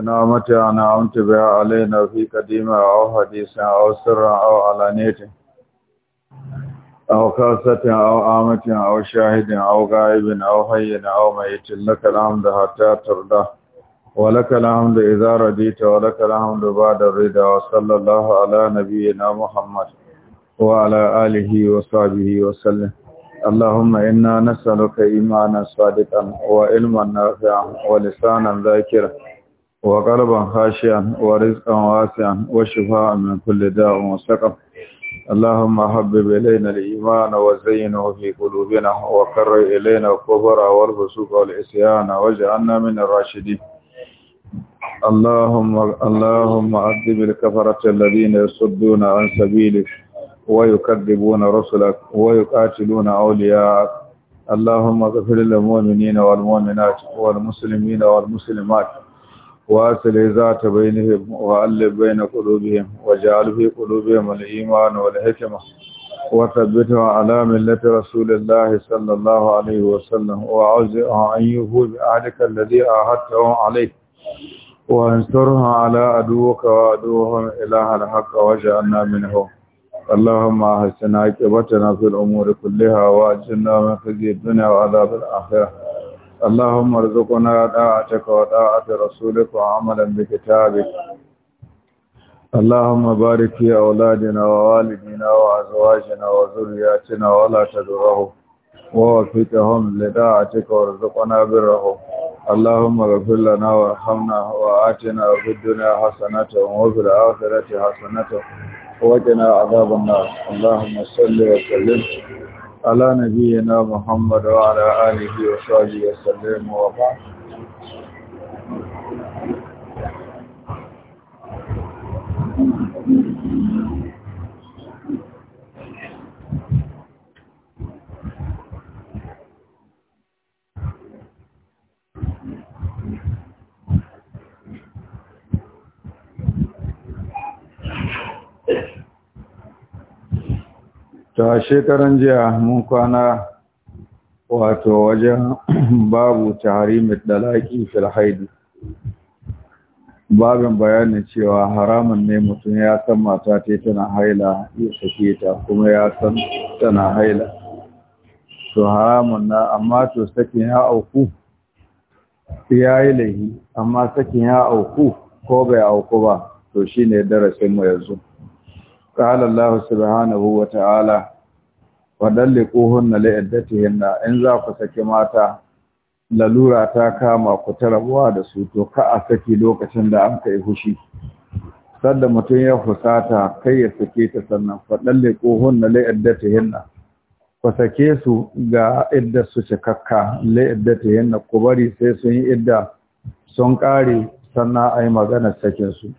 نعمة أنعمت بها علينا في قديمة او حديثة او سر او علانية او خاصت او عامة او شاهد او غائب او حي او ميت لك الحمد حتى ترضى ولك الحمد إذا رديت ولك الحمد بعد الرضا وصلى الله على نبينا محمد وعلى آله وصحبه وسلم اللهم انا نسألك إيمانا صادقا وعلما نافعا ولسانا ذاكرا وقلبا خاشعا ورزقا واسعا وشفاء من كل داء وسقم اللهم حبب إلينا الإيمان وزينه في قلوبنا وكرر إلينا الكفر والفسوق والإسيان واجعلنا من الراشدين اللهم اللهم عذب الكفرة الذين يصدون عن سبيلك ويكذبون رسلك ويقاتلون أولياءك اللهم اغفر للمؤمنين والمؤمنات والمسلمين والمسلمات واصل ذات بينهم وألف بين قلوبهم وجعل في قلوبهم الإيمان والحكمة وثبتها على ملة رسول الله صلى الله عليه وسلم وعوزئها أن يفوز أهلك الذي أهدته عليه وانصرها على عدوك وعدوهم إله الحق وجعلنا منه اللهم أحسن عاقبتنا في الأمور كلها وأجلنا من خزي الدنيا وعذاب الآخرة اللهم ارزقنا طاعتك وطاعة رسولك وعملا بكتابك اللهم بارك في أولادنا ووالدنا وأزواجنا وذرياتنا ولا تدرهم ووفقهم لطاعتك وارزقنا برهم اللهم اغفر لنا وارحمنا وآتنا في الدنيا حسنة وفي الآخرة حسنة وقنا عذاب النار اللهم صل وسلم على نبينا محمد وعلى آله وصحبه وسلم وبعد Thank you. ta shekaran jiya mun kwana wato wajen babu taharimin dalaki filhaidu babin bayanin cewa haramun ne mutum ya san mata ta tana haila ya sake ta kuma ya san tana haila to haramun na amma to sakin ya auku ya yi lahi. amma sakin ya auku ko bai auku ba to shi darasin mu yanzu قال الله سبحانه وتعالى wadallikuhun na la'iddatihin na in za ku saki mata lalura ta kama ku rabuwa da su to ka a saki lokacin da an kai hushi sadda mutum ya fusata, kai ya sake ta sannan wadallikuhun na la'iddatihin sake su ga iddar su cikakka la'iddatihin na ku bari sai sun yi idda sun ƙare sannan a yi maganar su.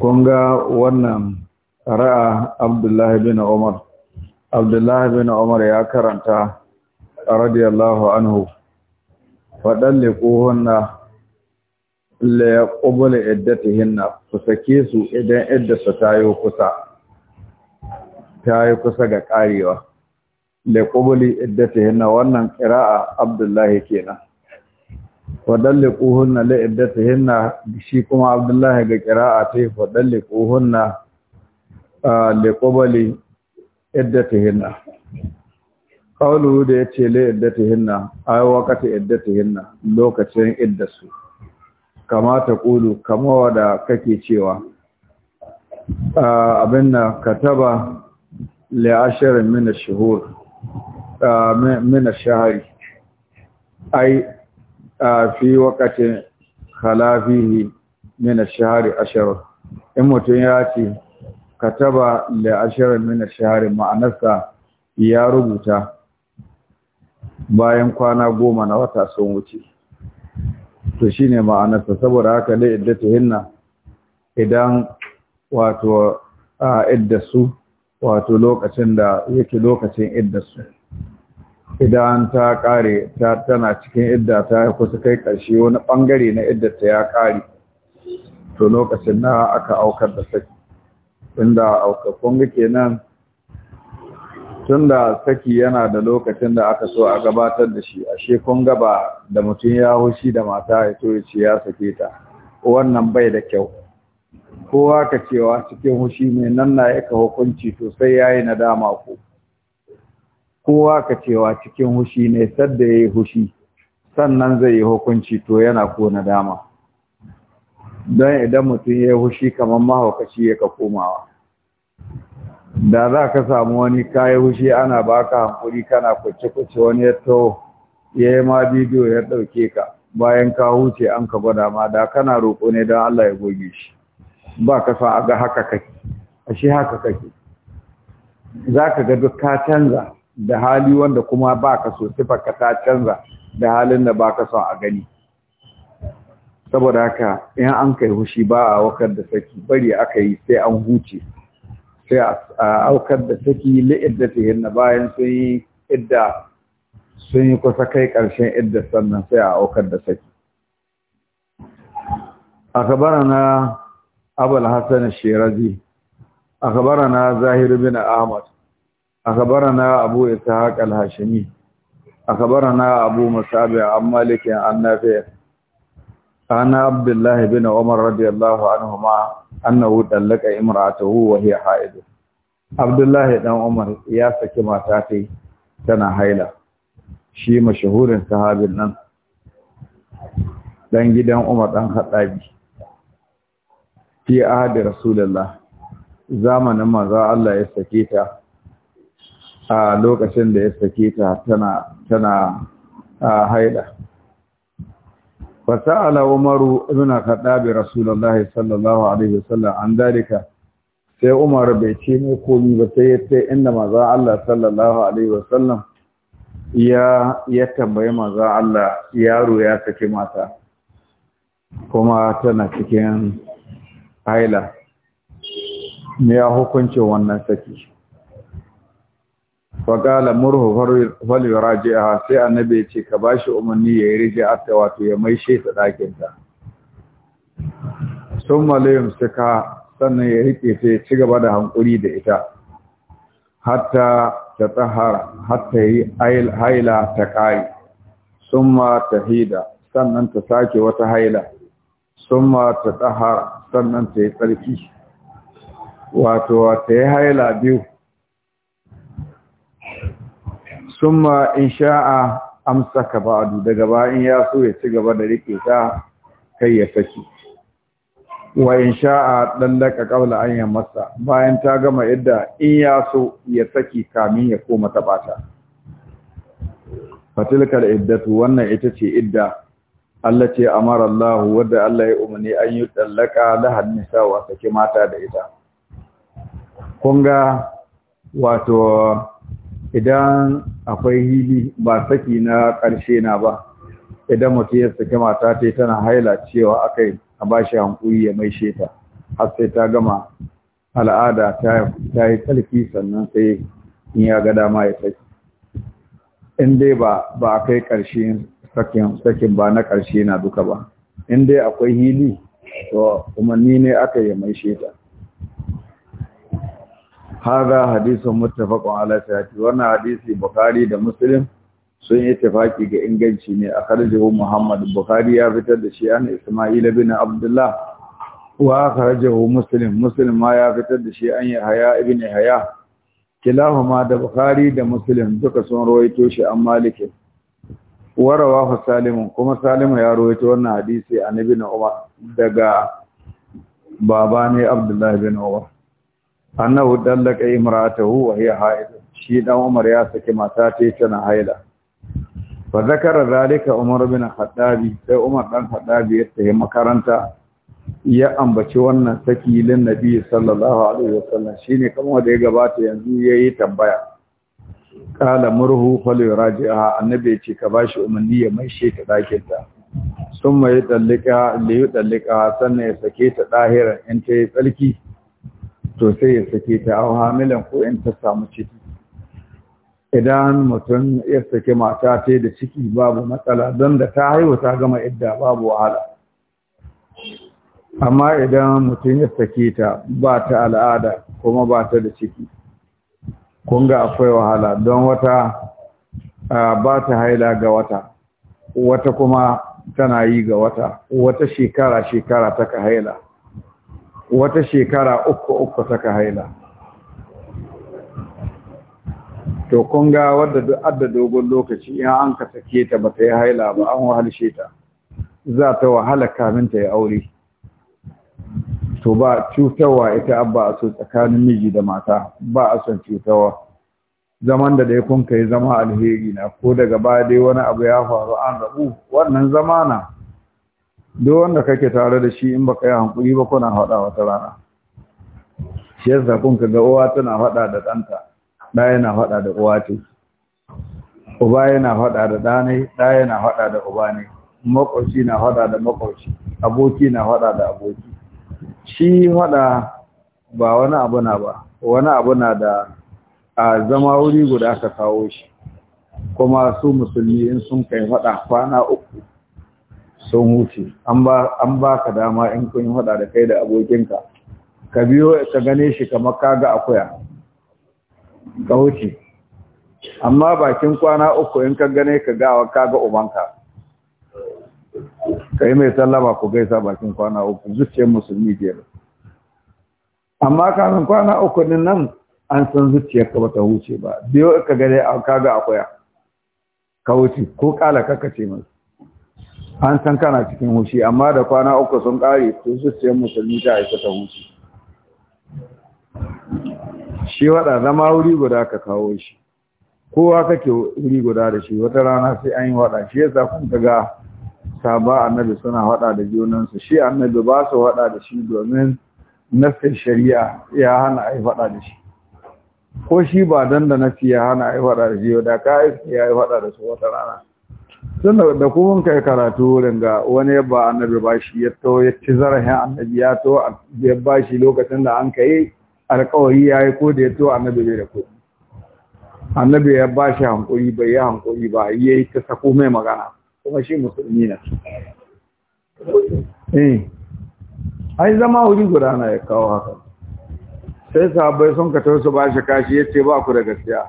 kun ga wannan ra'a abdullahi bin umar abdullahi bin umar ya karanta radiyallahu anhu faɗan liƙuhunna le ya ƙubula hinna ku sake su idan iddarsa ta yi kusa ta yi kusa ga ƙarewa la ƙubula hinna wannan ƙira'a abdullahi kenan ta hinna shi kuma abdullahi ga qira'a ta fadallikuhunna ta hinna. kawulu da ya yace li'iddatihinna ay ta hinna, lokacin iddasu kama ta kulu kama wada kake cewa abinna kataba le ashirin mina shahari ai fi wakati khalafihi min ash ashar in mutum ya ce kataba li ashar min shahari ma'anarsa ya rubuta bayan kwana goma na wata sun wuce to shine ma'anarsa saboda haka dai iddatu hinna idan wato a iddasu wato lokacin da yake lokacin iddasu idan ta kare ta tana cikin idda ta kusa kai ƙarshe wani ɓangare na idda ta ya kare to lokacin na aka aukar da saki inda auka kunga kenan tunda saki yana da lokacin da aka so a gabatar da shi ashe kun gaba da mutum ya hushi da mata ya to ya ce ya sake ta wannan bai da kyau kowa ka cewa cikin hushi mai nan na ka hukunci to sai yayi nadama ko kowa ka cewa cikin hushi ne sadda ya yi hushi sannan zai yi hukunci to yana ko dama don idan mutum ya yi hushi kamar mahaukaci ya ka komawa da za ka samu wani kayi hushi ana baka hankuri kana kwace-kwace wani ya to ya yi ma bidiyo ya ɗauke ka bayan ka huce an ka gwada ma da kana roƙo ne don Allah ya goge shi ba ka sa a ga haka kake a shi haka kake za ka ga duk ka canza da hali wanda kuma ba ka so ka ta canza da halin da ba ka so a gani saboda haka in an kai hushi ba a aukar da saki bari aka yi sai an huce sai a aukar da saki ta hinna bayan sun yi idda sun yi kusa kai ƙarshen idda sannan sai a aukar da saki أخبرنا أبو الحسن الشيرازي أخبرنا زاهر بن أحمد أخبرنا أبو إسحاق الهاشمي أخبرنا أبو مصعب عن مالك عن نافع عن عبد الله بن عمر رضي الله عنهما أنه طلق امرأته وهي حائض عبد الله بن عمر يا سكي ماتاتي تنا حيلة shi mashahurin sahabin nan dan gidan Umar dan Khattabi fi ahadi Rasulullah zamanin manzo Allah ya sake ta a lokacin da ya sake ta tana tana haida fasa'ala umaru ibn khattabi rasulullahi sallallahu alaihi wasallam an dalika sai umar bai ce mai komai ba sai ya ce inda maza Allah sallallahu alaihi wasallam ya ya tambaye maza Allah yaro ya sake mata kuma tana cikin haila me ya hukunci wannan saki faƙala murhu falwa raji'a sai annabi ya ce ka ba shi umarni ya yi rijiya ta wato ya mai ta ɗakinta sun malayun suka sannan ya rike ta ya ci gaba da hankuri da ita hatta ta tsahara hatta yi haila ta ƙari sun ma ta hida sannan ta sake wata haila sun ma ta tsahara sannan ta yi tsarki wato ta yi haila biyu summa in sha'a amsaka ba'adu, daga in ya so ya ci gaba da rike ta kai ya saki wa in sha'a dallaka qabla an yamassa bayan ta gama idda, in ya so ya saki kamin ya koma ta bata iddatu wannan ita ce idda Allah ce amara Allah wadda Allah ya umarni an yi dallaka lahar nisa wa sake mata da ita kun ga wato idan akwai hili ba saki na ƙarshe na ba idan mutum ya saki mata ta tana haila cewa yi a ba shi hankuri ya mai sheta har sai ta gama al'ada ta yi tsarki sannan sai in ya ga dama ya saki in dai ba ba a kai ƙarshe sakin ba na ƙarshe na duka ba in dai akwai hili to umarni ne aka yi mai sheta haza hadisun muttafaqun ala sahihati wannan hadisi bukhari da muslim sun yi tafaki ga inganci ne a karjihu muhammad bukhari ya fitar da shi an isma'il bin abdullah wa karjihu muslim muslim ma ya fitar da shi an yahya ibn yahya kilahuma da bukhari da muslim duka sun rawaito shi an malikin warawa wa salimu kuma salimu ya rawaito wannan hadisi an ibn umar daga baba ne abdullahi bin umar annahu dallaka imra'atahu wa hiya haid shi dan Umar ya saki mata ta na haila fa zakara zalika Umar bin Khattabi sai Umar dan Khattabi ya tafi makaranta ya ambaci wannan saki lin Nabi sallallahu alaihi wasallam shine kamar da ya gabata yanzu yayi tambaya kala murhu fal yuraji'a annabi ya ce ka bashi umarni ya mai shi ta dakin ta sun mai dallika li yudallika sannan ya sake ta dahiran in ta yi tsarki to sai ya sake ta a hamilan ko in ta samu ciki idan mutum ya sake mata ta da ciki babu matsala don da ta haihu ta gama idda babu wahala amma idan mutum ya sake ta ba ta al'ada kuma ba ta da ciki kun ga akwai wahala don wata ba ta haila ga wata wata kuma tana yi ga wata wata shekara shekara ta ka haila wata shekara uku uku saka haila to kun ga wadda duk adda dogon lokaci in an ka sake ta ba ta yi haila ba an wahalshe ta za ta wahala kamin ta yi aure to ba cutarwa ita abba a so tsakanin miji da mata ba a son cutarwa zaman da dai kun kai zama alheri na ko daga ba dai wani abu ya faru an rabu wannan zamana duk wanda kake tare da shi in baka yi hankuri ba kuna haɗa wata rana shi yasa kun ga uwa tana haɗa da ɗanta ɗa yana haɗa da uwa ce uba yana haɗa da ɗa ne na yana haɗa da uba ne makwabci na haɗa da makwabci aboki na haɗa da aboki shi haɗa ba wani abu na ba wani abu na da a zama wuri guda ka kawo shi kuma su musulmi in sun kai faɗa kwana uku sun wuce, an ba ka dama in kun hada da kai da abokinka ka biyo ka gane shi kamar ga akuya ka huce amma bakin kwana uku in ka gane ka ga ka ga umanka. ka yi mai sallama ku gaisa bakin kwana uku zuciyar musulmi ke amma kamin kwana uku din nan an san zuciyar ka bata huce ba biyo ka gane ka ga akuya ka wuce ko kala kaka ce masu an san kana cikin hushi amma da kwana uku sun kare to zuciyar musulmi ta aika ta hushi shi wada zama wuri guda ka kawo shi kowa kake wuri guda da shi wata rana sai an yi wada shi yasa kun ga saba annabi suna wada da junansu shi annabi ba su wada da shi domin nassin shari'a ya hana a yi da shi ko shi ba dan da nasi ya hana a yi da shi wada da ka ya yi faɗa da su wata rana tun da kun kai karatu wurin ga wani yabba annabi bashi ya to ya ci zarafin annabi ya to ya bashi lokacin da an kai alkawari ya yi ko da ya to annabi bai da kuɗi annabi ya bashi hankuri bai yi hankuri ba ya yi ta sako mai magana kuma shi musulmi na eh ai zama wuri guda na ya kawo haka sai sabai sun ka ba bashi kashi yace ba ku da gaskiya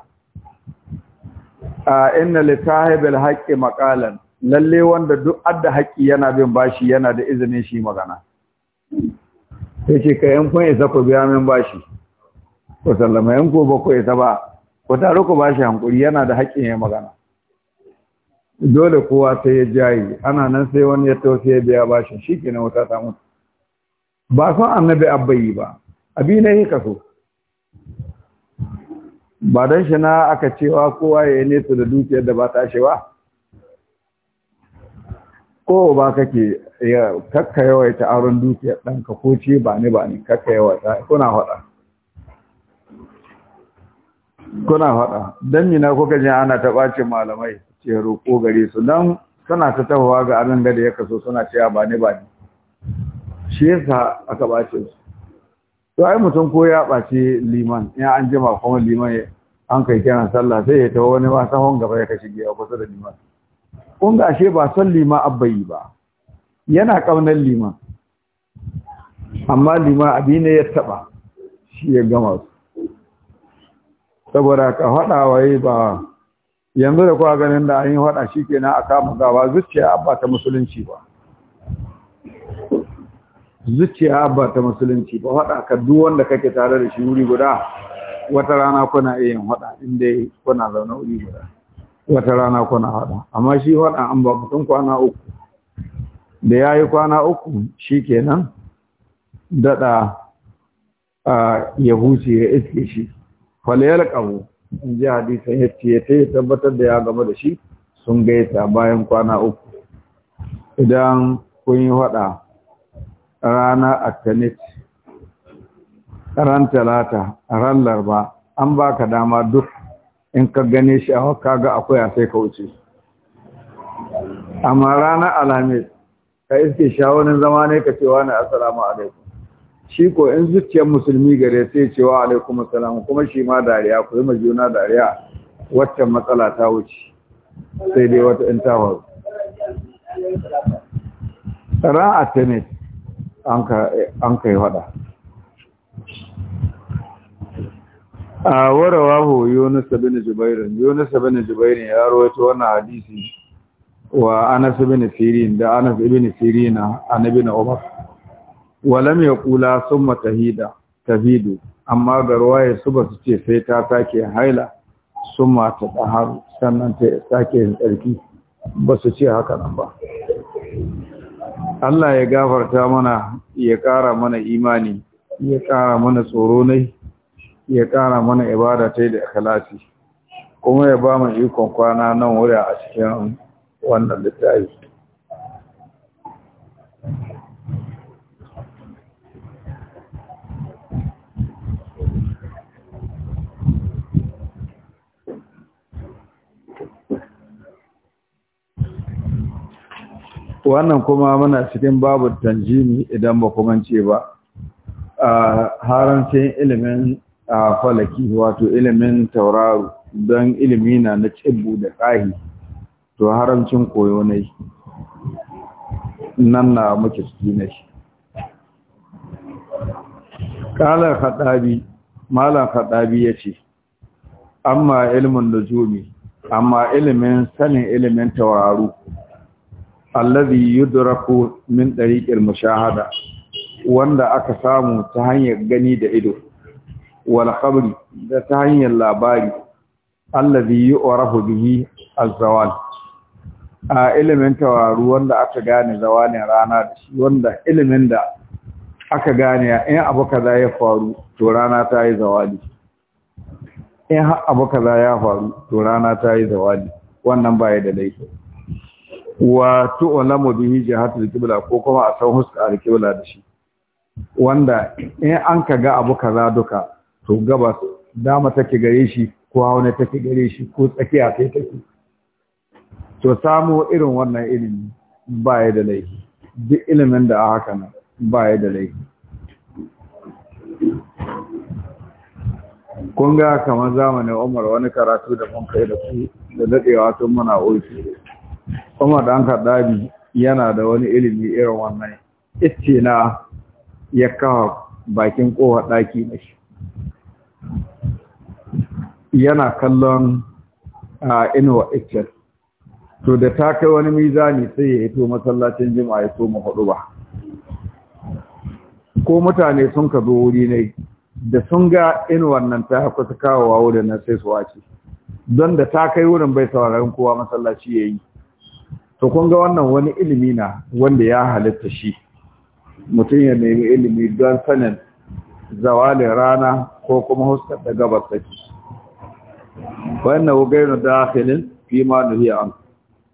inna li sahibil haqqi maqalan lalle wanda duk adda haƙƙi yana bin bashi yana da izinin shi magana sai ce ka yan kun isa ku biya min bashi ku sallama yan ku ba ku isa ba ku taru ku bashi hankuri yana da haƙƙin ya magana dole kowa sai ya jayi ana nan sai wani ya tausi ya biya bashin shi kenan wuta ta mutu ba son annabi abbayi ba abi ne yi kaso ba don shi na aka cewa kowa ya yi nesa da dukiyar da ba shi ba ko ba kake ya kakka yawaita auren dukiyar ɗanka ko ce ba ne ba ne kakka ta kuna faɗa kuna faɗa don mina kuka jin ana ta ɓace malamai ce roƙo gare su don suna ta tahowa ga anan gada ya kaso suna cewa ba ne ba ne shi yasa aka ɓace su to ai mutum ko ya ɓaci liman ya an jima kuma liman an kai kiran sallah sai ya tawo wani ma sahon gaba ya kashe giya kusa da liman kun ga ashe ba son liman abbayi ba yana ƙaunar liman amma liman abi ne ya taɓa shi ya gama su saboda ka haɗa waye ba yanzu da kuwa ganin da an yi haɗa shi kenan a kama gaba zuciya abba ta musulunci ba zuciya ba ta musulunci ba haɗa ka duk wanda kake tare da shi wuri guda wata rana kuna iya yin haɗa inda kuna zaune wuri guda wata rana kuna haɗa amma shi haɗa an ba mutum kwana uku da ya yi kwana uku shi kenan daɗa ya huce ya iske shi falayar ƙabu in ji hadisan ya ce ya tabbatar da ya gama da shi sun gaisa bayan kwana uku idan kun yi haɗa rana altanet ran talata ran larba an baka dama duk in ka gane shi a kaga akwai a sai ka wuce amma ranar alamis ka iske shawanin zama ne ka cewa na assalamu alaikum shi ko in zuciyar musulmi gare sai cewa alaikum assalam kuma shi ma dariya ku yi ma juna dariya waccan matsala ta wuce sai dai wata in ta ran altanet an kai hada a warawahu yunus bin jubairin yunus bin jubairin ya rawaito wannan hadisi wa anas bin sirin da anas bin sirina annabi na umar walam yaqula summa tahida tahidu amma garwaye su ba su ce sai ta sake haila summa ta dahar sannan ta sake tsarki ba su ce haka nan ba Allah ya gafarta mana ya ƙara mana imani ya ƙara mana tsoro ne ya ƙara mana ibada ta da ikhlasi kuma ya ba mu ikon kwana nan wuri a cikin wannan littafi wannan kuma muna cikin babu tanjimi idan ba kuma ce ba a harancin ilimin a falaki wato ilimin tauraro don ilimi na na cibbu da ƙahi to haramcin koyo ne nan na muke ciki na shi ƙalar haɗabi malar haɗabi ya ce amma ilimin da amma ilimin sanin ilimin tauraro alladhi yudraku min dariqil mushahada wanda aka samu ta hanyar gani da ido wal qabri da ta hanyar labari alladhi yu'rafu bihi az-zawal a ilimin tawaru wanda aka gane zawalin rana da shi wanda ilimin da aka gane in abu kaza ya faru to rana ta yi zawali in abu kaza ya faru to rana ta yi zawali wannan baya da laifi wa tu'lamu bihi jihatul qibla ko kuma a san huska al-qibla da shi wanda in an ka ga abu kaza duka to gabas dama take gare shi ko hauna take gare shi ko tsakiya sai take to samu irin wannan ilimi ba ya da laifi duk ilimin da a haka nan ba ya da laifi kun ga kamar zamanin umar wani karatu da mun kai da ku da daɗewa tun muna ofis. Umar dan dabi yana da wani ilimi irin wannan ice ya kawo bakin kowa daki na shi yana kallon A inuwa iccen to da ta kai wani mizani sai ya hito masallacin jima'a ya so hudu ba ko mutane sun ka zo wuri ne da sun ga in wannan ta kusa wa wurin nan sai su wace don da ta kai wurin bai sauraron kowa masallaci ya yi to kun ga wannan wani ilimi na wanda ya halitta shi mutum ya nemi ilimi don sanin zawalin rana ko kuma huskar da gabas saki wannan gairu dakhilin fi ma nuhi an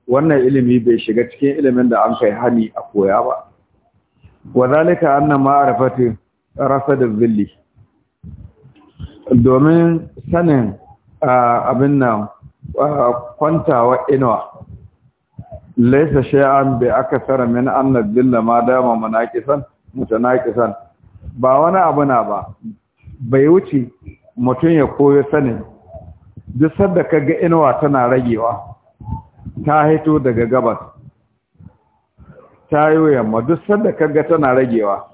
wannan ilimi bai shiga cikin ilimin da an kai hani a koya ba wadalika anna ma'rifatu rasa da zilli domin sanin ah, abin nan ah, kwantawa inuwa laisa shay'an aka akthara min an dilla ma dama munaqisan mutanaqisan ba wani abu na ba bai wuce mutum ya koyo sanin duk sanda kaga inuwa tana ragewa ta haito daga gabas ta yi yamma duk sanda kaga tana ragewa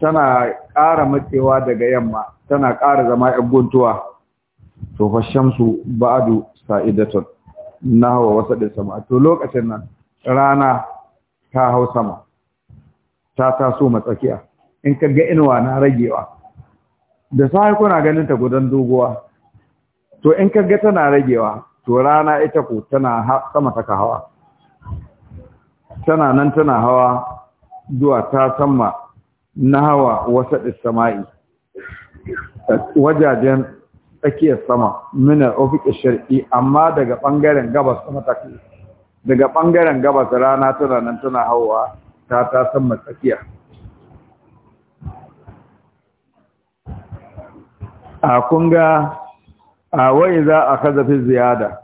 tana ƙara matsewa daga yamma tana ƙara zama 'yan guntuwa to fa shamsu ba'du sa'idatun na hawa wasa ɗin sama to lokacin nan rana ta hau sama ta taso matsakiya in ka ga inuwa na ragewa da sai kuna ganin ta gudan doguwa to in ka ga tana ragewa to rana ita ko tana sama ta hawa tana nan tana hawa zuwa ta sama na hawa wasa sama'i wajajen tsakiyar sama mina ofikin shar'i amma daga bangaren gabas kuma ta daga ɓangaren gabas rana tana nan tana hawa ta ta sama tsakiya a kunga a wai za a kaza fi ziyada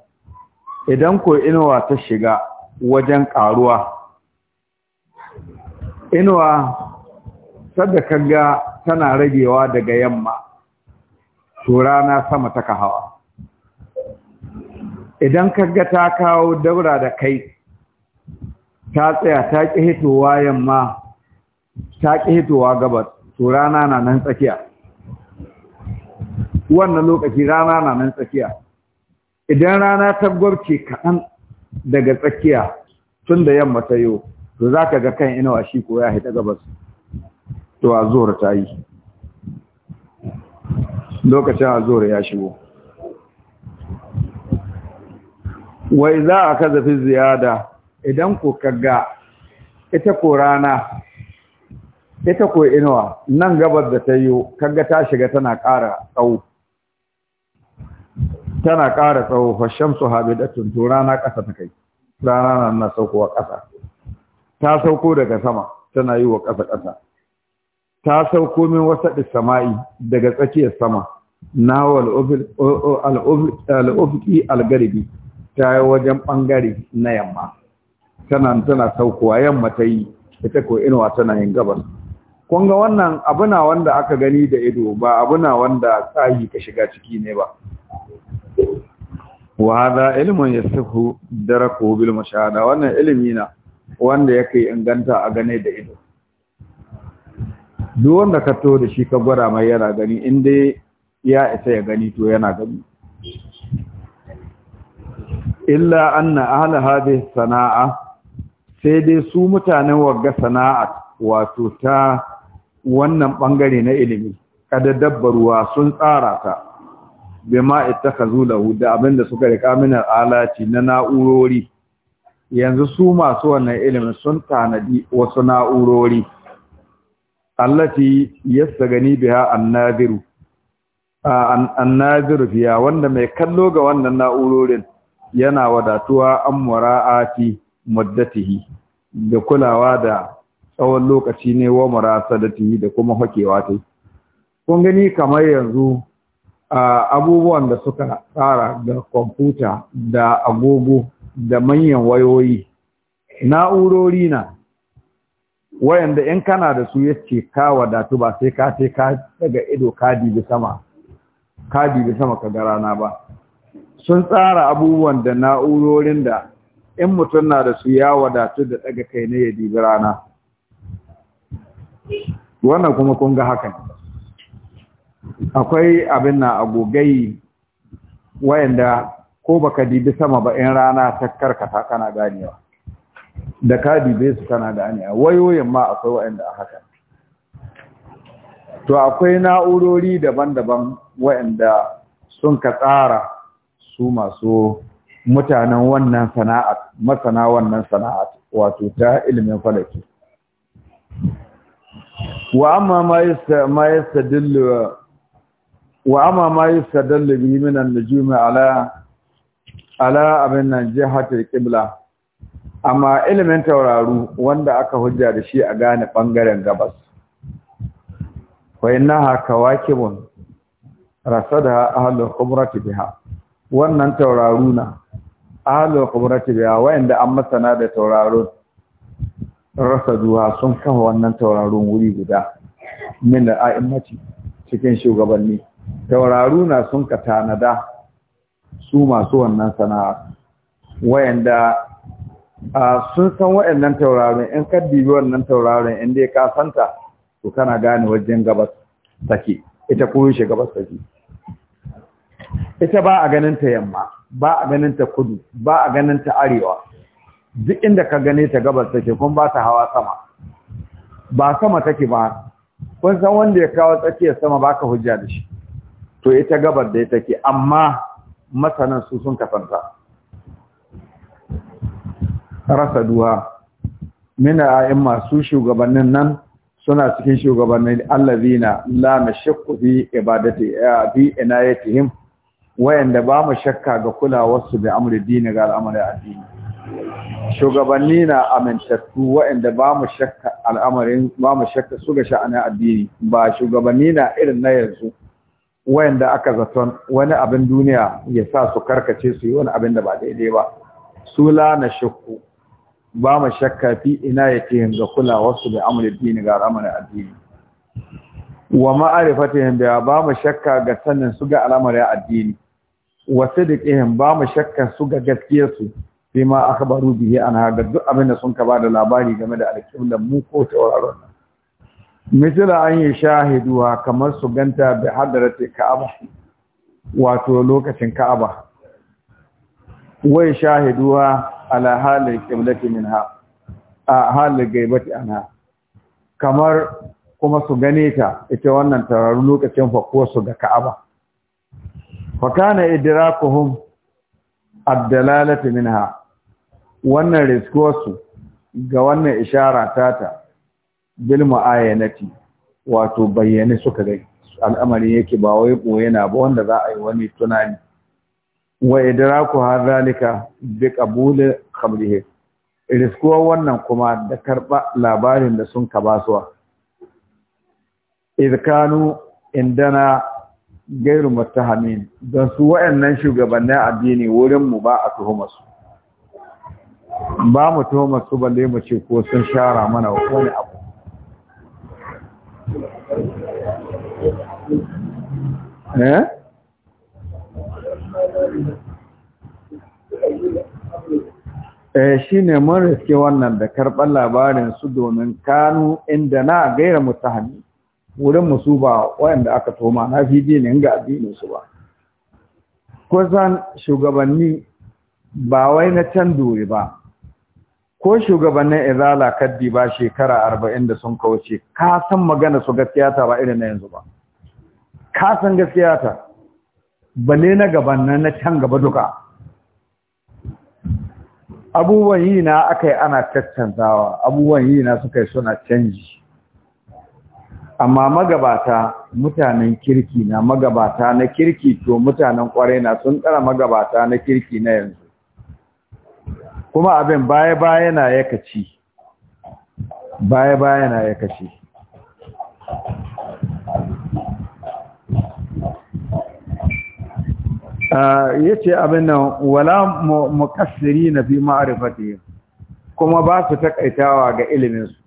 idan ko inuwa ta shiga wajen ƙaruwa inuwa sadda kaga tana ragewa daga yamma to rana sama ta kahawa. idan kaga ta kawo daura da kai ta tsaya ta ƙi hitowa yamma ta ƙi hitowa gabas to na nan tsakiya wannan lokaci rana na nan tsakiya idan rana ta gwabce kaɗan daga tsakiya tun da yamma ta to za ka ga kan inawa shi ko ya hita gabas to a ta yi lokacin azur ya shigo wai za a kaza fi ziyada idan ku kaga ita ko rana ita ko inuwa nan gabar da ta yi kaga ta shiga tana ƙara tsawo tana ƙara tsawo fashen su da tuntu rana ƙasa ta kai rana na saukowa ƙasa ta sauko daga sama tana yi wa ƙasa ƙasa ta sauko min wasa sama'i daga tsakiyar sama na al'ufki algarbi ta yi wajen ɓangare na yamma tana tana saukowa yamma ta yi ita ko inuwa tana yin gabas Kunga wannan abu na wanda aka gani da ido ba abu na wanda tsayi ka shiga ciki ne ba wa ya ilmun dara daraku bil mashahada wannan ilimi na wanda yake inganta a gane da ido duk wanda ka to da shi ka gwada mai yana gani in dai ya isa ya gani to yana gani illa anna ahla hadhihi sana'a sai dai su mutanen wagga sana'a wato ta wannan bangare na ilimi kada dabbaruwa sun tsara ta bima ittakhazu lahu da abinda suka rika mina alati na na'urori yanzu su masu wannan ilimin sun tanadi wasu na'urori allati yasta gani biha annabiru annazir fiya wanda mai kallo ga wannan na'urorin yana wadatuwa an mura'ati muddatihi da kulawa da tsawon lokaci ne wa murasadatihi da kuma hakewa ta kun gani kamar yanzu abubuwan da suka tsara da kwamfuta da agogo da manyan wayoyi na'urori na wayanda in kana da su yace ka wadatu ba sai ka sai ka daga ido ka dibi sama ka dibi sama ka ga rana ba sun tsara abubuwan da na'urorin da in mutum na da su ya wadatu da daga kai na ya dibi rana wannan kuma kun ga hakan akwai abin na agogai wayanda ko baka dibi sama ba in rana ta karkata kana ganewa da ka dibe su kana ganewa wayoyin ma akwai wayanda a haka to akwai na'urori daban-daban waɗanda sun ka tsara su masu mutanen wannan sana'at masana wannan sana'at wato ta ilimin falaki wa amma ma yastadillu wa amma ma yastadillu bihi min ala ala abin nan jihatul qibla amma ilimin tauraru wanda aka hujja da shi a gane bangaren gabas wa innaha rasada ahlul khubrati biha wannan tauraru na ahlul khubrati biha wanda an masana da taurarun rasaduha sun kafa wannan taurarun wuri guda min a'immati cikin shugabanni tauraru na sun ka tanada su masu wannan sana'a wayanda sun san wayannan taurarin in ka dibi wannan taurarin in dai ka santa to kana gane wajen gabas take ita ko shi gabas take ita ba a ganin ta yamma ba a ganin ta kudu ba a ganin ta arewa duk inda ka gane ta gabas take kun ba ta hawa sama ba sama take ba kun san wanda ya kawo tsakiyar sama ba ka hujja da shi to ita gabas da ya take amma masanan su sun kasanta rasa duwa mina 'ya'yan masu shugabannin nan suna cikin shugabannin allazina la mashakku fi ibadati eh, fi inayatihim wayanda ba mu shakka ga kulawarsu da amri dini ga al'amari addini shugabanni na amintattu wayanda ba mu shakka al'amarin ba mu shakka su ga sha'anin addini ba shugabanni na irin na yanzu wayanda aka zaton wani abin duniya ya sa su karkace su yi wani abin da ba daidai ba sula na shakku ba mu shakka fi ina yake ga kulawarsu da amri dini ga al'amari addini wa ma'arifatihim da ba mu shakka ga sanin su ga al'amari addini wa sidqihim ba mu shakka su ga gaskiyar su sai ma akhbaru bihi ana ga duk abin da sun ka ba da labari game da alƙiblan mu ko tauraron nan misala an yi shahiduwa kamar su ganta bi hadarati ka'aba wato lokacin ka'aba wai shahiduwa ala halin kiblati ha? a halin gaibati anha kamar kuma su gane ta ita wannan tauraron lokacin fakuwar su ga Ka'aba fakana idrakuhum ad-dalalati minha wannan su ga wannan ishara tata bil mu'ayyanati wato bayyane suka gani al'amari yake ba wai boye na ba wanda za a yi wani tunani wa idraku hadhalika bi qabul khabrihi riskuwar wannan kuma da karba labarin da sun ka basuwa idkanu indana gairu muttahamin don su waɗannan shugabannin addini wurin mu ba a tuhuma su ba mu tuhuma su balle mu ce ko sun shara mana wani abu eh eh shi ne mun riske wannan da karɓar labarin su domin kanu inda na gaira mutahami wurin musu ba wayanda aka toma na fi dinin ga addinin su ba kusan shugabanni ba wai na can dore ba ko shugabannin izala kaddi ba shekara arba'in da sun kauce ka san magana su gaskiya ta ba irin na yanzu ba ka san gaskiya ta ne na gaban nan na can gaba duka abubuwan yi na aka yi ana caccanzawa abubuwan yi na suka yi suna canji amma magabata mutanen kirki na magabata na kirki to mutanen kwarai na sun tsara magabata na kirki na yanzu kuma abin baya-baya na ya kaci baya-baya na ya kaci ah, ya ce abin nan wala mu kasiri na fi ma'arifatihim kuma ba su takaitawa ga iliminsu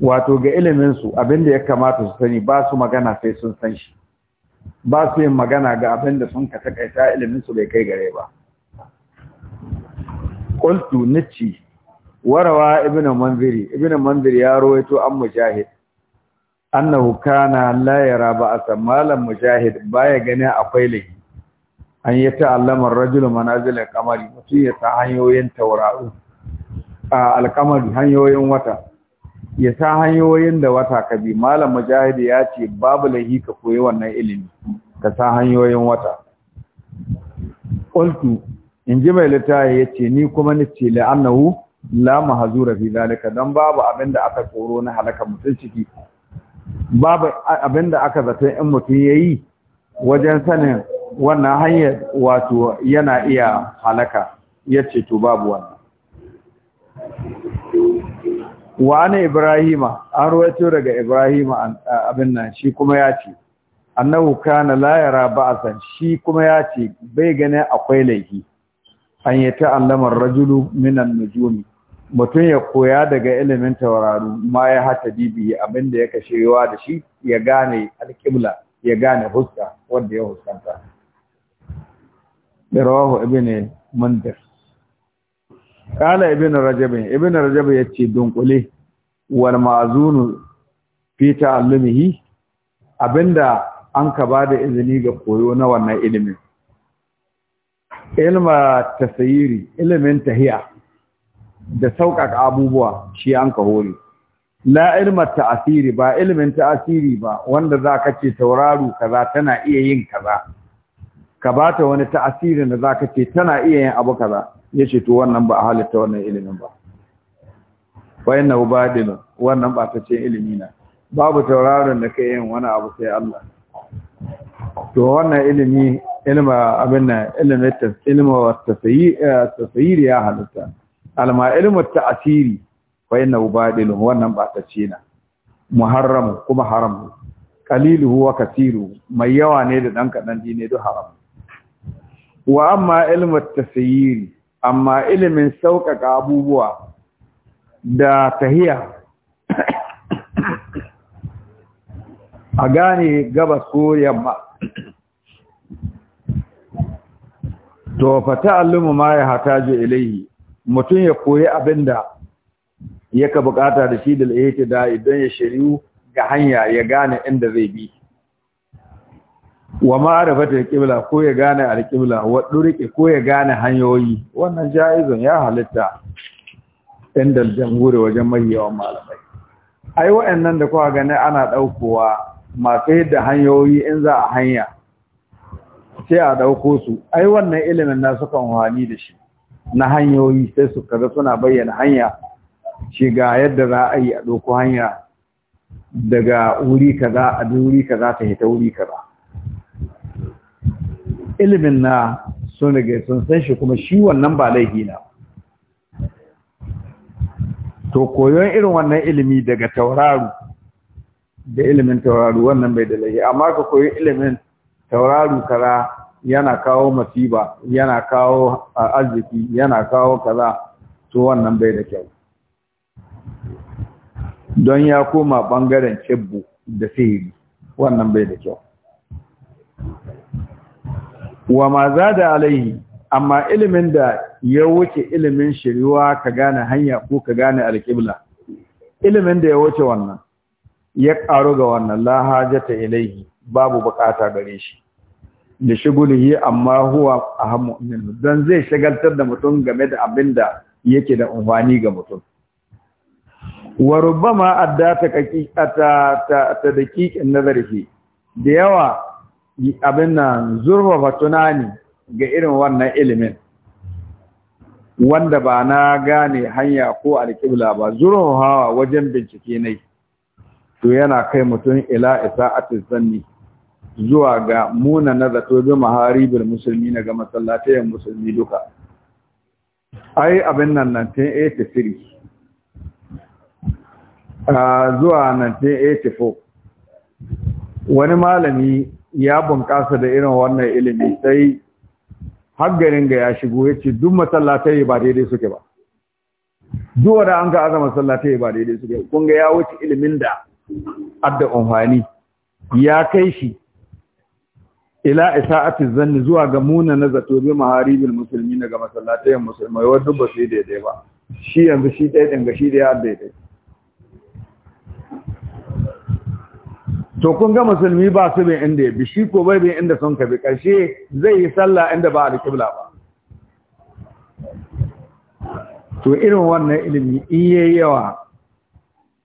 wato ga iliminsu da ya kamata su sani ba su magana sai sun san shi ba su yin magana ga abinda sun ka takaita iliminsu bai kai gare ba qultu nici warawa ibnu manziri ibnu manziri ya rawaito an mujahid annahu na layara yara malam mujahid baya ganin akwai laifi an yi ta'allama rajulu manazil al-qamari mutum ya ta hanyoyin a al hanyoyin wata ya sa hanyoyin da wata ka bi malam mujahidi ya ce babu lahi ka koyi wannan ilimi ka sa hanyoyin wata qultu in ji mai littafi ya ce ni kuma ni ce la'annahu la mahzura fi zalika dan babu abinda aka tsoro na halaka mutun ciki babu abinda aka zato in mutun yayi wajen sanin wannan hanyar wato yana iya halaka yace to babu wannan wane ibrahima an ruwaito daga ibrahima abin nan shi kuma ya ce annahu kana la yara ba'san shi kuma ya ce bai gane akwai laifi an yi ta'allama rajulu minan nujumi mutum ya koya daga ilimin tauraru ma ya hata bibiyi abin da ya kashe yawa da shi ya gane alƙibla ya gane huska wanda ya huskanta. Birawahu ibn Mundir kala ibn rajab ibn rajab yace dunkule wal ma'zunu fi ta'allumihi abinda an ka da izini ga koyo na wannan ilimin ilma tasayiri ilimin tahiya da sauƙaƙa abubuwa shi an ka hori. la ilma ta'asiri ba ilimin ta'asiri ba wanda za ka ce tauraro kaza tana iya yin kaza ka bata wani ta'asirin da za ka ce tana iya yin abu kaza ya to wannan ba a halitta wannan ilimin ba bayan na ubadin wannan ba ta ce ilimi na babu tauraron da kai yin wani abu sai Allah to wannan ilimi ilma abin na ilimin ilma tasayir eh, ya halitta alma ilmu ta'asiri bayan na ubadin wannan ba ta ce na muharram kuma haram qaliluhu wa kathiru mai yawa ne da dan kadan ne duk haram wa amma ilmu tasayiri amma ilimin sauƙaƙa abubuwa da tahiya a gane gaba so yamma to fa ta'allumu ma ya hataju ilaihi, mutum ya koyi abinda yaka bukata da shi da da idan ya shiryu ga hanya ya gane inda zai bi wa ma'arifatul qibla ko ya gane al-qibla wa duriki ko ya gane hanyoyi wannan jaizun ya halitta inda jamhuri wajen mahiyawan malamai ai wa'annan da kuka gani ana daukowa masu yadda hanyoyi in za a hanya sai a dauko su ai wannan ilimin na suka wani da shi na hanyoyi sai su kaza suna bayyana hanya shiga ga yadda za a yi a dauko hanya daga wuri kaza a wuri kaza ta hita wuri kaza ilimin na sun riga sun san shi kuma shi wannan ba laifi na to koyon irin wannan ilimi daga tauraru, da ilimin tauraru wannan bai da laifi amma ka koyi ilimin tauraru kaza yana kawo masiba yana kawo arziki yana kawo kaza to wannan bai da kyau don ya koma bangaren kebbo da sihiri wannan bai da kyau wa ma da alaihi amma ilimin da ya wuce ilimin shiriwa ka gane hanya ko ka gane alƙibla ilimin da ya wuce wannan ya ƙaru ga wannan la hajata ilaihi babu buƙata gare shi da shigulihi amma huwa ahammu min dan zai shagaltar da mutum game da abinda da yake da umfani ga mutum wa rubbama addata ta ta ta daqiqin da yawa abin nan zurfafa tunani ga irin wannan ilimin wanda ba na gane hanya ko alƙibla ba zurfafawa wajen bincike ne to yana kai mutum ila isa'atul zanni zuwa ga muna na zato bi maharibul musulmi ga masallatayen musulmi duka ai abin nan 1983 ah, zuwa 1984 wani malami ya bunƙasa da irin wannan ilimi sai haggarin ga ya shigo ya ce duk masallatai ba daidai suke ba duk da an ga aza masallatai ba daidai suke ba, kunga ya wuce ilimin da adda umfani ya kai shi ila ati zanni zuwa ga muna na zato bi maharibil musulmi ga masallatai musulmai wadda ba su daidai ba shi yanzu shi ɗaya ɗin ga shi da ya daidai to kun ga musulmi ba su bin inda ya bi shi ko bai bin inda sun ka bi ƙarshe zai yi sallah inda ba a da kibla ba to irin wannan ilimi in yayi yawa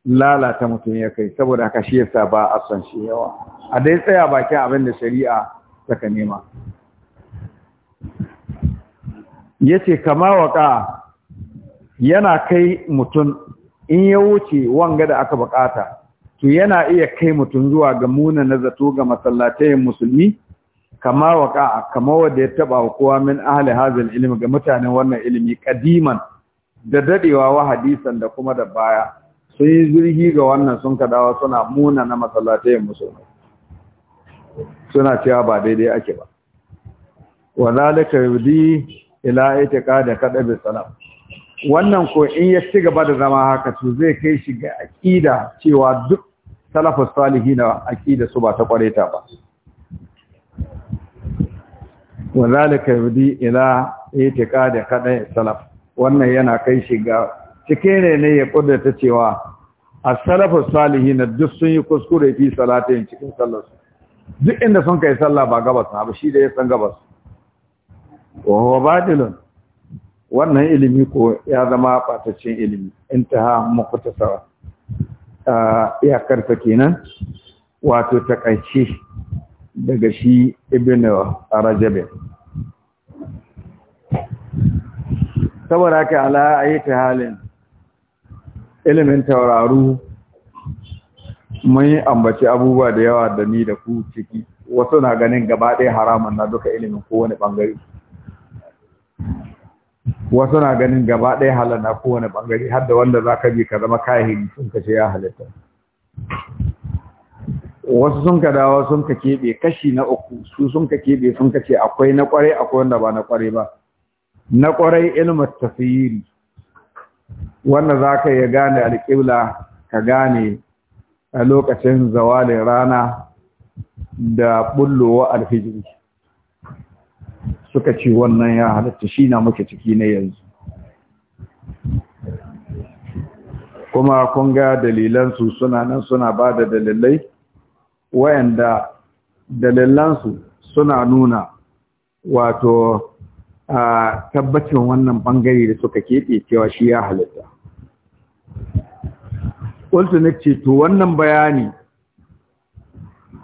lalata mutum ya kai saboda haka shi yasa ba a son shi yawa a dai tsaya bakin abin da shari'a saka nema yace kama waka yana kai mutum in ya wuce wanga da aka bukata to yana iya kai mutum zuwa ga muna na zato ga masallatayin musulmi kama waka kama wanda ya taba wa kowa min ahli hazal ilmi ga mutanen wannan ilimi kadiman da dadewa wa hadisan da kuma da baya sun yi zurgi ga wannan sun kadawa suna muna na masallatayin musulmi suna cewa ba daidai ake ba wadalika yudi ila da kada bi salam wannan ko in ya ci gaba da zama haka to zai kai shi ga aqida cewa duk salafus salihina aqida su ba ta kwareta ba wazalika yudi ila itiqadi kadai salaf wannan yana kai shi ga cike ne ne ya ta cewa as-salafus salihina duk sun yi kuskure fi salatin cikin sallar duk inda sun kai sallah ba gabas na ba shi da ya san gabas wa huwa badilun wannan ilimi ko ya zama batacin ilimi intaha muqtasara iyakarsa kenan wato takaice daga shi ibn rajabin saboda ka ala ta halin ilimin tauraru mun ambaci abubuwa da yawa da ni da ku ciki wasu na ganin gaba ɗaya haramun na duka ilimin kowane ɓangare wasu na ganin gaba ɗaya halana kowane ɓangare har da wanda za ka bi ka zama kayayyaki sun ka ce ya halitta wasu sun ka dawo sun ka keɓe kashi na uku su sun ka keɓe sun ka ce akwai na ƙwarai akwai wanda ba na ƙwarai ba na ƙwarai ilmar tafiyiri wanda za ka iya gane alƙibla ka gane a lokacin zawalin rana da ɓullowa alfijiri suka ce wannan ya halatta shi na muke ciki na yanzu kuma kun ga dalilansu suna nan suna ba da dalilai wayanda dalilansu suna nuna wato a tabbacin wannan bangare da suka keɓe cewa shi ya halitta. Ƙultu na ce, to wannan bayani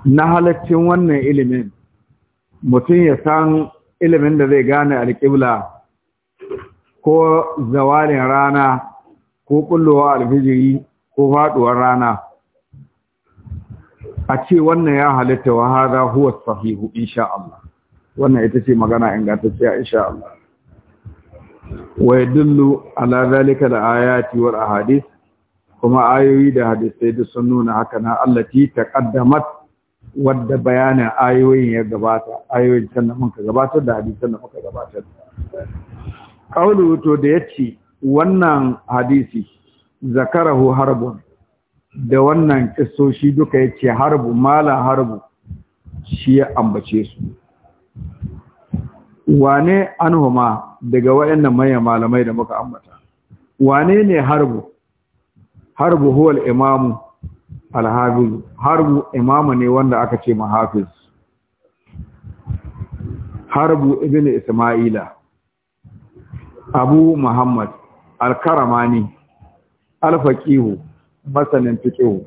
na halaccin wannan ilimin mutum ya san ilimin da zai gane alƙibla ko zawalin rana ko kullowa alfijiri ko faɗuwar rana a ce wannan ya halitta wa hada huwa sahihu insha Allah wannan ita ce magana ingantacciya insha Allah wa dullu ala zalika da ayati wal ahadith kuma ayoyi da hadisai duk sun nuna haka na Allah ta taqaddamat wadda bayanin ayoyin ya gabata ayoyin can da muka gabatar da hadisan da muka gabatar kaulu to da yace wannan hadisi zakarahu harbun da wannan kisoshi duka yace harbu mala harbu shi ya ambace su wane anhuma daga waɗannan manyan malamai da muka ambata wane ne harbu harbu huwal imamu alhafiz harbu imama ne wanda aka ce mahafiz harbu ibn isma'ila abu muhammad al-karamani al-faqihu masanin fiqhu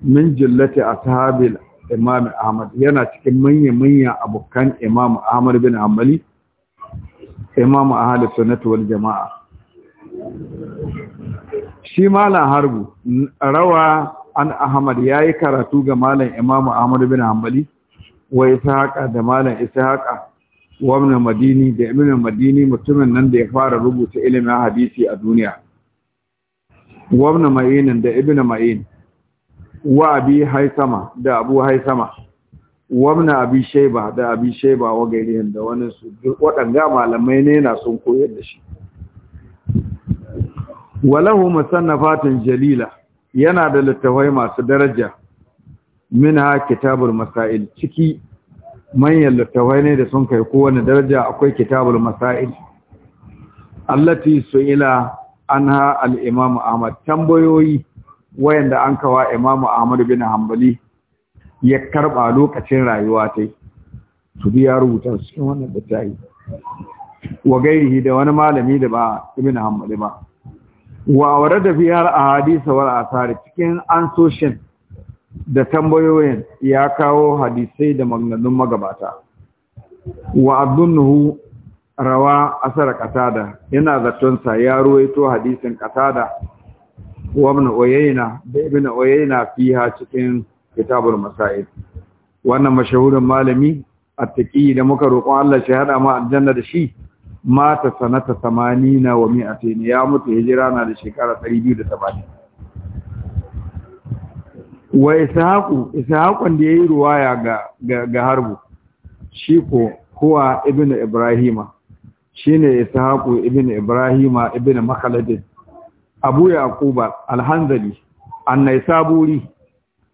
min jillati ashabil imam ahmad yana cikin manyan manya abokan imam ahmad bin hanbali imam ahli sunnati wal jamaa shi mala harbu rawa an ahmad ya yi karatu ga malam imam ahmad bin hanbali wa ishaqa da malam ishaqa wa ibn madini da ibn madini mutumin nan da ya fara rubuta ilimin hadisi a duniya wa ibn ma'in da ibn ma'in wa abi haisama da abu haisama wamna abi shaiba da abi shaiba wa gairihin da wani su waɗanga malamai ne na sun koyar da shi walahu fatan jalila yana da littafai masu daraja ha kitabul masail ciki manyan littafai ne da sun kai kowane daraja akwai kitabul masail allati su'ila anha al-imam ahmad tambayoyi wayanda an kawa imam ahmad bin hanbali ya karba lokacin rayuwa tai su biya rubuta cikin wannan littafi wa gairihi da wani malami da ba ibn hanbali ba wa da biyar hadisa wal asari cikin ansoshin da tambayoyin ya kawo hadisai da maganganun magabata wa abdunuhu rawa asar ƙasada yana zaton sa ya ruwaito hadisin ƙasada, wa ibn uyayna da ibn uyayna fiha cikin kitabul masail wannan mashahurin malami at-taqi da muka roƙo Allah shi hada mu aljanna da shi mata sanata na wa mi'atin ya mutu hijira na da shekara da 280 wa ishaqu ishaqun da yayi ruwaya ga ga, harbu shi ko huwa ibnu ibrahima shine ishaqu Ibn ibrahima Ibn makhalad abu yaquba al-hanzali an-naisaburi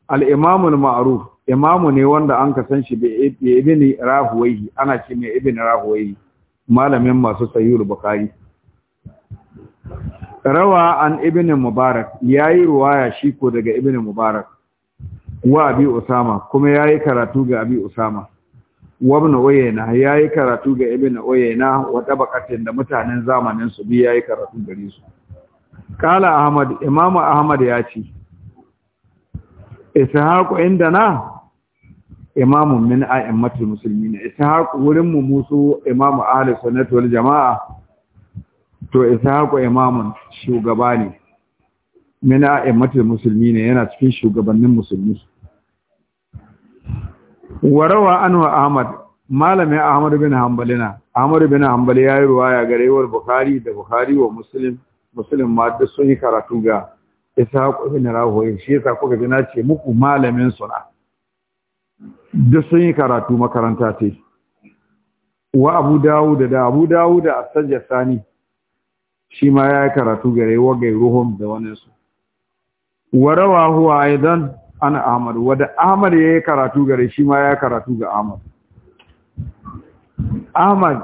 al-imam al-ma'ruf imamu ne wanda an san shi bi ibni rahuwayi ana ce mai ibn rahuwayi malamin masu sayyul bukari rawa an ibn mubarak yayi ruwaya shi ko daga ibn mubarak wa abi usama kuma yayi karatu ga abi usama wa ibn uyayna yayi karatu ga ibn uyayna wa tabaqatin da mutanen zamanin su bi yayi karatu gare su kala ahmad imam ahmad ya ce inda na? imamun min a'immatul ita haku wurin mu musu imamu ahli sunnati wal jamaa to haku imamun shugaba ne min Musulmi muslimin yana cikin shugabannin musulmi warawa anwa ahmad malami ahmad bin hanbalina ahmad bin hanbali yayi ruwaya ga rayuwar bukhari da bukhari wa muslim muslim ma da sun yi karatu ga haku ibn rahoyi shi yasa kuka ga na ce muku malamin sunnah duk sun yi karatu makaranta ce wa abu dawo da abu dawuda a sajjar sani shi ma ya yi karatu gare wa ruhun da waninsu wa rawa huwa idan ana ahmad wadda ahmad ya yi karatu gare shi ma ya karatu ga ahmad ahmad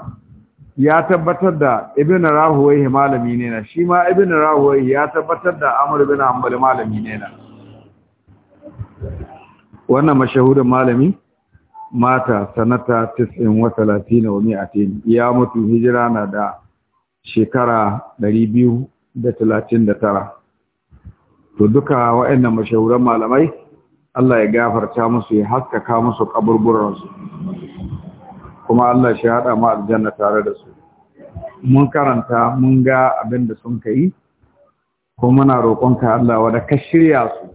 ya tabbatar da ibn rahuwai malami ne na shi ma ibn rahuwai ya tabbatar da amr ibn hanbal malami ne na wannan mashahurin malami mata sanata 90 wa 30 wa 200 ya mutu hijira na da shekara 239 to duka waɗannan mashahuran malamai Allah ya gafarta musu ya haskaka musu kaburburansu kuma Allah shi hada ma aljanna tare da su mun karanta mun ga abin da sun kai kuma muna roƙonka Allah da ka shirya su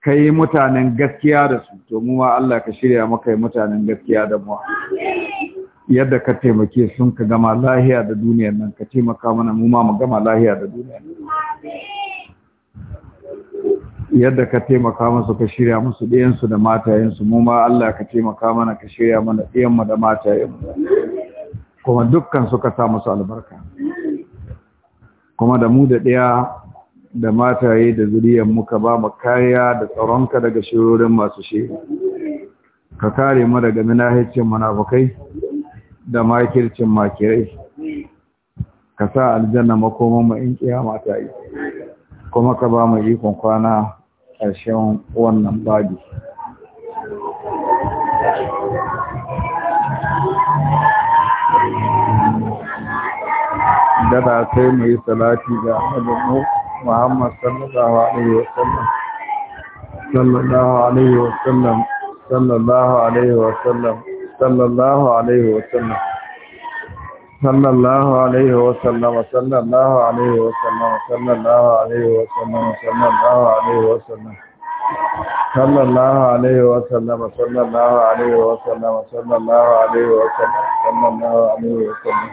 ka yi mutanen gaskiya da su to mu ma Allah ka shirya maka mutanen gaskiya da mu yadda ka taimake sun ka gama lahiya da duniyar nan ka taimaka mana mu ma mu gama lahiya da duniyar nan yadda ka taimaka musu ka shirya musu ɗiyansu da matayensu mu ma Allah ka taimaka mana ka shirya mana ɗiyanmu da matayenmu kuma dukkan suka sa musu albarka kuma da mu da ɗaya da mataye da zuriyar muka ba mu kaya da tsaronka daga shirorin masu shi ka kare mu daga minahicin munafukai da makircin makirai ka sa aljanna makoman mu in kiya mataye, kuma ka ba mu ikon kwana ƙarshen wannan babi dada sai mu yi salati ga hannun Muhammad sallallahu alaihi wasallam sallallahu alaihi wasallam sallallahu alaihi wasallam sallallahu alaihi wasallam sallallahu alaihi wasallam sallallahu alaihi wasallam sallallahu alaihi wasallam sallallahu alaihi wasallam صلى الله عليه وسلم صلى الله عليه وسلم صلى الله عليه وسلم صلى الله عليه وسلم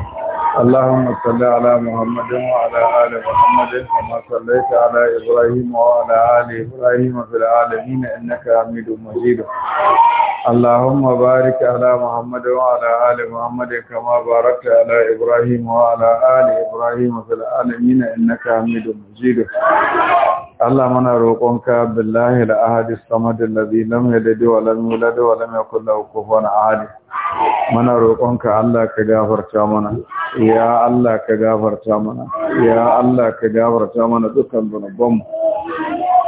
اللهم صل على محمد وعلى آل محمد كما صليت على إبراهيم وعلى آل إبراهيم في العالمين إنك حميد مجيد اللهم بارك على محمد وعلى آل محمد كما باركت على إبراهيم وعلى آل إبراهيم في العالمين إنك حميد مجيد اللهم انا روقك بالله الأحد الصمد الذي لم يلد ولم يولد ولم يكن له كفوا أحد muna roƙonka Allah ka gafarta mana ya Allah ka gafarta mana ya Allah ka gafarta mana dukkan zunubanmu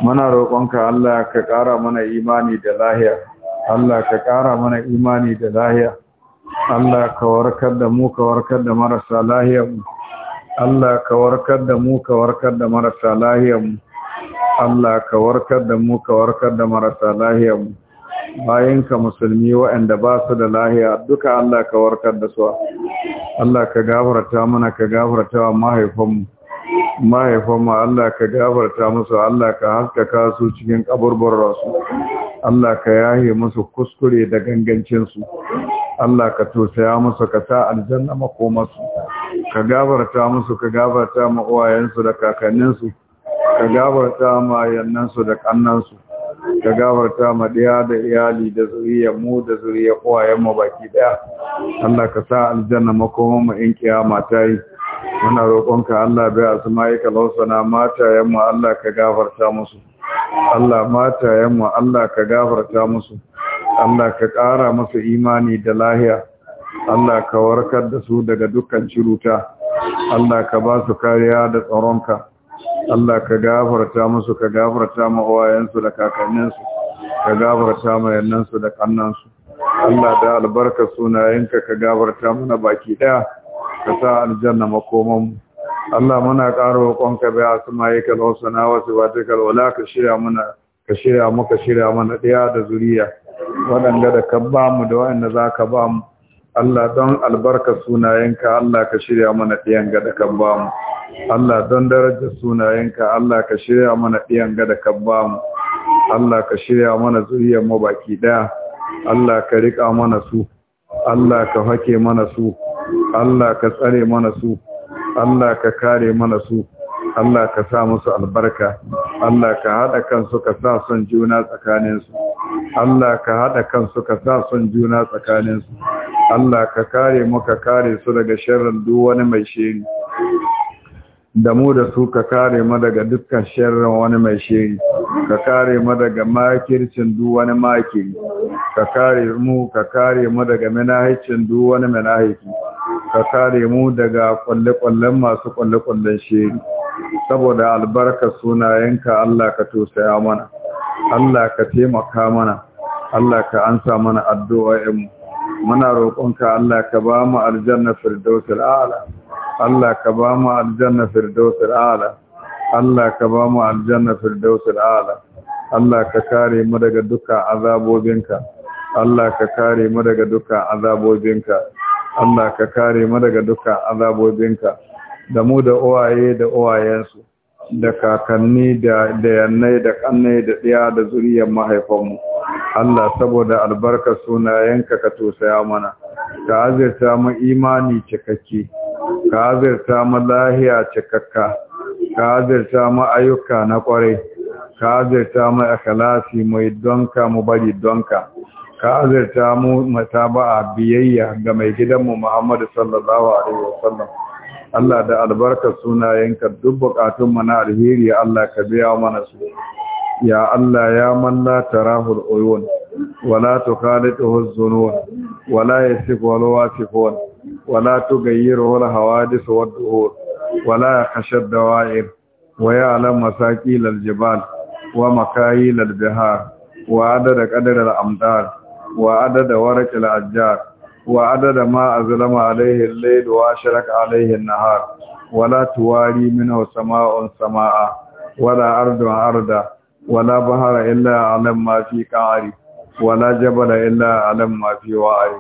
muna roƙonka Allah ka ƙara mana imani da lahiya Allah ka ƙara mana imani da lahiya Allah ka warkar da mu ka warkar da marasa lahiyarmu Allah ka warkar da mu ka warkar da marasa lahiyarmu Allah ka warkar da mu ka warkar da marasa lahiyarmu bayanka musulmi waɗanda ba su da lahiya duka Allah ka warkar da su Allah ka gafarta mana ka gafarta wa mahaifanmu mahaifanmu Allah ka gafarta musu Allah ka haskaka su cikin rasu. Allah ka yahe musu kuskure da gangancinsu Allah ka tosaya musu ka sa aljanna makomarsu ka gafarta musu ka gafarta ma uwayensu da kakanninsu ka gafarta ma yannansu da kannansu ka gafarta ma ɗaya da iyali da zuriyar mu da zuriyar uwayen mu baki ɗaya Allah ka sa aljanna makoma mu in kiyama ta yi muna roƙonka Allah bai asma'ika lausana matayen mu Allah ka gafarta musu Allah matayen mu Allah ka gafarta musu Allah ka ƙara musu imani da lahiya Allah ka warkar da su daga dukkan ciruta Allah ka ba su kariya da tsaronka Allah ka gafarta musu ka gafarta ma uwayensu da kakanninsu ka gafarta ma yannansu da kannansu Allah da albarka sunayenka ka gafarta mana baki daya ka sa aljanna makoman Allah muna ƙara roƙonka bai asma'ikal sana wa sifatikal wala ka shirya mana ka shirya muka shirya mana ɗaya da zuriya wadanda da ka ba mu da waɗanda za ka ba mu Allah don albarka sunayenka Allah ka shirya mana ɗiyan ga da ka ba mu Allah don darajar sunayenka Allah ka shirya mana ɗiyan gada ka ba mu Allah ka shirya mana zuriyar mu baki ɗaya Allah ka riƙa mana su Allah ka hake mana su Allah ka tsare mana su Allah ka kare mana su Allah ka sa musu albarka Allah ka haɗa kansu ka sa son juna tsakaninsu Allah ka haɗa kansu ka sa son juna tsakaninsu Allah ka kare mu kare su daga sharrin duk wani mai shiri da mu da su ka kare mu daga dukkan sharrin wani mai shiri ka kare mu daga makircin duk wani makiri ka kare mu ka kare mu daga minahicin duk wani manahici? ka kare mu daga kwalle-kwallen masu kwalle-kwallen shiri saboda albarka sunayenka Allah ka tosaya mana Allah ka taimaka mana Allah ka ansa mana addu'o'in mu muna roƙonka Allah ka ba mu aljanna firdausul a'la Allah ka ba mu aljanna firdausul a'la Allah ka ba mu aljanna firdausul a'la Allah ka kare mu daga dukkan azabobinka Allah ka kare mu daga dukkan azabobinka Allah ka kare mu daga dukkan azabobinka da mu da uwaye da uwayensu da kakanni da da yannai da kannai da tsiya da zuriyar mahaifanmu Allah saboda albarkar sunayenka ka tosaya mana ka azirta mu imani cikakke ka azirta mu lahiya cikakka ka azirta ma ayyuka na kwarai ka azirta mu akhlasi mu donka mu bari donka ka azirta mu mataba'a biyayya ga mai gidanmu Muhammadu sallallahu alaihi wasallam Allah da albarka sunayenka duk bukatun mu na alheri Allah ka biya mana su ya Allah ya mallata rahul uyun ولا تخالطه الذنوب ولا يسف والواسفون ولا تغيره الحوادث والدهور ولا يخشى الدوائر ويعلم مساكيل الجبال ومكايل البحار وعدد قدر الأمدار وعدد ورق الأشجار وعدد ما أظلم عليه الليل وأشرك عليه النهار ولا تواري منه سماء سماء ولا أرض أرضا ولا بحر إلا علم ما في قعري wala jabala illa alam ma fi wa'i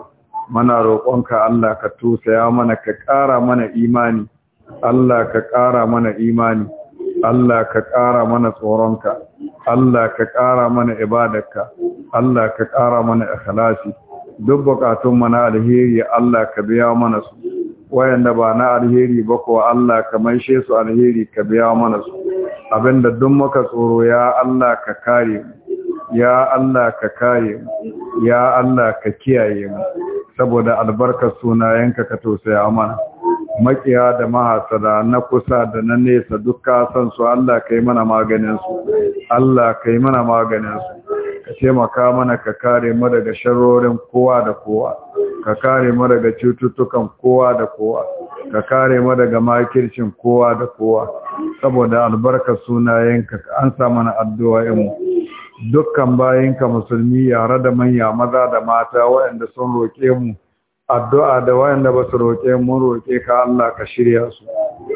mana roƙonka Allah ka tusaya mana ka ƙara mana imani Allah ka ƙara mana imani Allah ka ƙara mana tsoronka Allah ka ƙara mana ibadarka Allah ka ƙara mana ikhlasi duk bukatun mana alheri Allah ka biya mana su wayanda ba na alheri ba ko Allah ka maishe su alheri ka biya mana su abinda duk muka tsoro ya Allah ka kare mu ya Allah ka kaye mu ya Allah ka kiyaye mu saboda albarkar sunayenka ka tausaya mana makiya da mahasada na kusa da na nesa dukka san su Allah kai mana maganin su Allah kai mana maganin su ka taimaka mana ka kare mu daga sharorin kowa da kowa ka kare mu daga cututtukan kowa da kowa ka kare mu daga makircin kowa da kowa saboda albarkar sunayenka ka ansa mana addu'a mu dukkan bayinka musulmi yare da manya maza da mata waɗanda sun roƙe mu addu'a da wayanda ba su roƙe mu roƙe ka Allah ka shirya su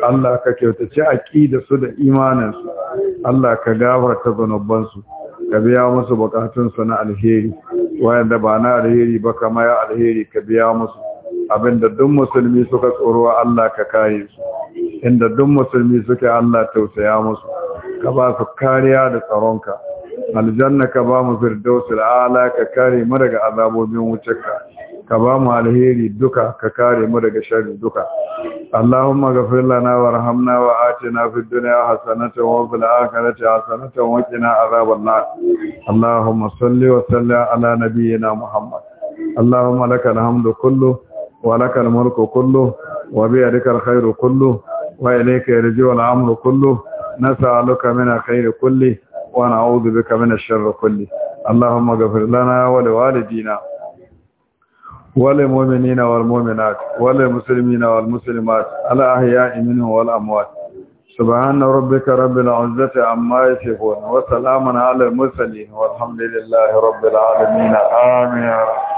Allah ka kyautace aƙida su da imaninsu Allah ka gafarta su, ka biya musu bukatunsu na alheri wayanda ba na alheri ba kama ya alheri ka biya musu abinda duk musulmi suka tsoro Allah ka kare su inda duk musulmi suke Allah tausaya musu ka ba su kariya da tsaronka aljanna ka ba mu firdausul ka kare mu daga azabobin wucinka ka ba mu alheri duka ka kare mu daga sharri duka Allahumma ghafir lana warhamna wa atina fid dunya hasanatan wa fil akhirati hasanatan wa qina adhaban nar Allahumma salli wa sallim ala nabiyyina Muhammad Allahumma lakal hamdu kullu wa lakal mulku kullu wa bi yadikal khairu kullu wa ilayka yarji'u al-amru kullu nas'aluka min al-khairi ونعوذ بك من الشر كله اللهم اغفر لنا ولوالدينا وللمؤمنين والمؤمنات وللمسلمين والمسلمات الأحياء منهم والأموات سبحان ربك رب العزة عما يصفون وسلام على المرسلين والحمد لله رب العالمين آمين